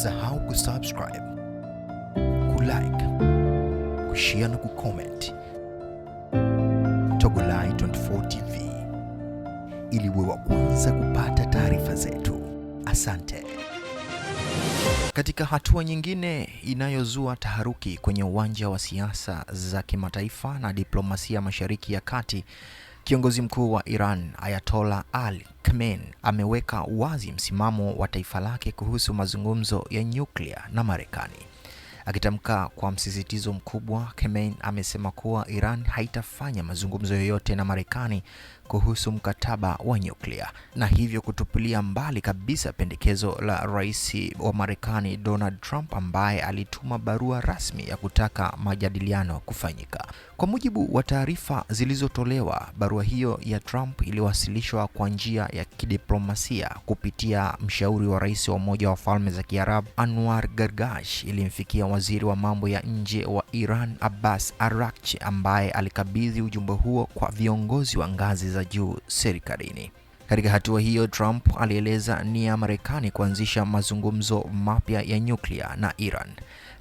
Usisahau kusubscribe, kulike, kushare na kucomment Togolai 24 TV ili uwe wa kwanza kupata taarifa zetu. Asante. Katika hatua nyingine inayozua taharuki kwenye uwanja wa siasa za kimataifa na diplomasia Mashariki ya Kati, Kiongozi mkuu wa Iran Ayatollah Ali Khamenei ameweka wazi msimamo wa taifa lake kuhusu mazungumzo ya nyuklia na Marekani. Akitamka kwa msisitizo mkubwa, Khamenei amesema kuwa Iran haitafanya mazungumzo yoyote na Marekani kuhusu mkataba wa nyuklia na hivyo kutupilia mbali kabisa pendekezo la Rais wa Marekani Donald Trump ambaye alituma barua rasmi ya kutaka majadiliano kufanyika. Kwa mujibu wa taarifa zilizotolewa, barua hiyo ya Trump iliwasilishwa kwa njia ya kidiplomasia kupitia mshauri wa Rais wa Umoja wa Falme za Kiarabu Anwar Gargash ilimfikia waziri wa mambo ya nje wa Iran Abbas Arakchi ambaye alikabidhi ujumbe huo kwa viongozi wa ngazi za juu serikalini. Katika hatua hiyo, Trump alieleza nia ya Marekani kuanzisha mazungumzo mapya ya nyuklia na Iran,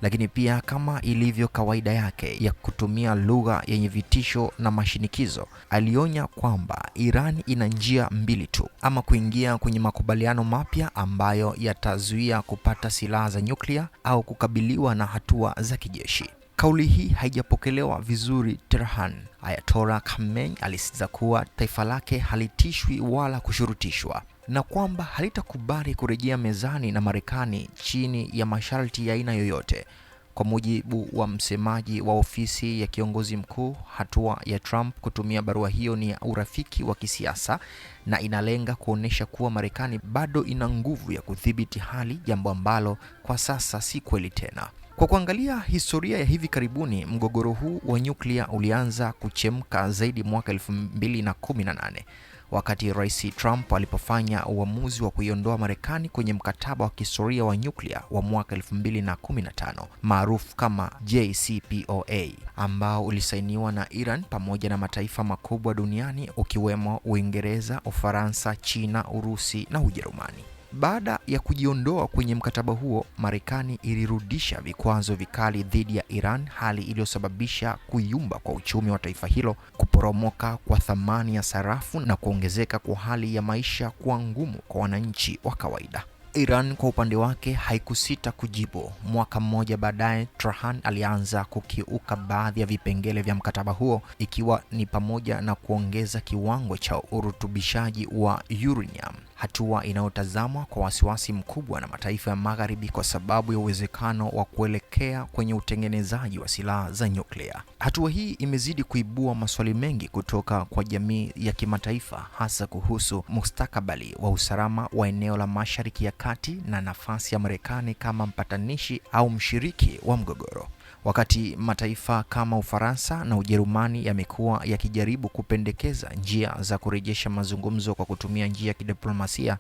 lakini pia kama ilivyo kawaida yake ya kutumia lugha yenye vitisho na mashinikizo, alionya kwamba Iran ina njia mbili tu, ama kuingia kwenye makubaliano mapya ambayo yatazuia kupata silaha za nyuklia au kukabiliwa na hatua za kijeshi. Kauli hii haijapokelewa vizuri Tehran. Ayatollah Khamenei alisisitiza kuwa taifa lake halitishwi wala kushurutishwa na kwamba halitakubali kurejea mezani na Marekani chini ya masharti ya aina yoyote. Kwa mujibu wa msemaji wa ofisi ya kiongozi mkuu, hatua ya Trump kutumia barua hiyo ni ya urafiki wa kisiasa na inalenga kuonyesha kuwa Marekani bado ina nguvu ya kudhibiti hali, jambo ambalo kwa sasa si kweli tena. Kwa kuangalia historia ya hivi karibuni, mgogoro huu wa nyuklia ulianza kuchemka zaidi mwaka 2018 wakati Rais Trump alipofanya uamuzi wa kuiondoa Marekani kwenye mkataba wa kihistoria wa nyuklia wa mwaka 2015 maarufu kama JCPOA ambao ulisainiwa na Iran pamoja na mataifa makubwa duniani ukiwemo Uingereza, Ufaransa, China, Urusi na Ujerumani. Baada ya kujiondoa kwenye mkataba huo, Marekani ilirudisha vikwazo vikali dhidi ya Iran, hali iliyosababisha kuyumba kwa uchumi wa taifa hilo, kuporomoka kwa thamani ya sarafu na kuongezeka kwa hali ya maisha kuwa ngumu kwa wananchi wa kawaida. Iran kwa upande wake haikusita kujibu. Mwaka mmoja baadaye, trahan alianza kukiuka baadhi ya vipengele vya mkataba huo, ikiwa ni pamoja na kuongeza kiwango cha urutubishaji wa uranium hatua inayotazamwa kwa wasiwasi mkubwa na mataifa ya Magharibi kwa sababu ya uwezekano wa kuelekea kwenye utengenezaji wa silaha za nyuklia. Hatua hii imezidi kuibua maswali mengi kutoka kwa jamii ya kimataifa, hasa kuhusu mustakabali wa usalama wa eneo la Mashariki ya Kati na nafasi ya Marekani kama mpatanishi au mshiriki wa mgogoro wakati mataifa kama Ufaransa na Ujerumani yamekuwa yakijaribu kupendekeza njia za kurejesha mazungumzo kwa kutumia njia ya kidiplomasia,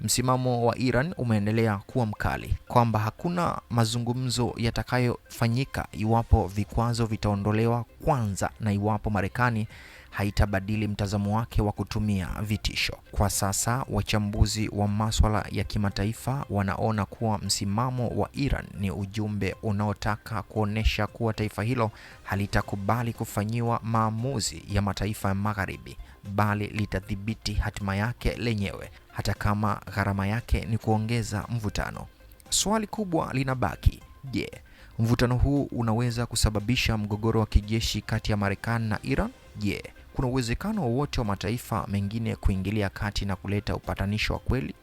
msimamo wa Iran umeendelea kuwa mkali kwamba hakuna mazungumzo yatakayofanyika iwapo vikwazo vitaondolewa kwanza na iwapo Marekani haitabadili mtazamo wake wa kutumia vitisho. Kwa sasa wachambuzi wa maswala ya kimataifa wanaona kuwa msimamo wa Iran ni ujumbe unaotaka kuonyesha kuwa taifa hilo halitakubali kufanyiwa maamuzi ya mataifa ya Magharibi, bali litadhibiti hatima yake lenyewe, hata kama gharama yake ni kuongeza mvutano. Swali kubwa linabaki, je, yeah. Mvutano huu unaweza kusababisha mgogoro wa kijeshi kati ya Marekani na Iran? Je, yeah kuna uwezekano wowote wa mataifa mengine kuingilia kati na kuleta upatanisho wa kweli?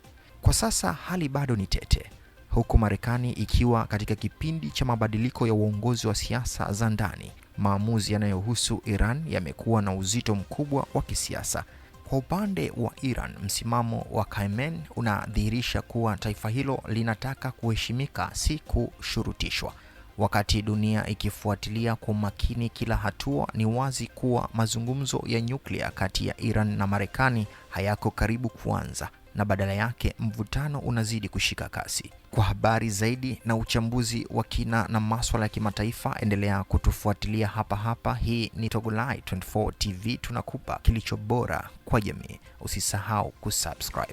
Kwa sasa hali bado ni tete, huku Marekani ikiwa katika kipindi cha mabadiliko ya uongozi wa siasa za ndani. Maamuzi yanayohusu Iran yamekuwa na uzito mkubwa wa kisiasa. Kwa upande wa Iran, msimamo wa Khamenei unadhihirisha kuwa taifa hilo linataka kuheshimika, si kushurutishwa. Wakati dunia ikifuatilia kwa umakini kila hatua, ni wazi kuwa mazungumzo ya nyuklia kati ya Iran na Marekani hayako karibu kuanza na badala yake mvutano unazidi kushika kasi. Kwa habari zaidi na uchambuzi wa kina na maswala ya kimataifa, endelea kutufuatilia hapa hapa. Hii ni Togolai 24 TV, tunakupa kilicho bora kwa jamii. Usisahau kusubscribe.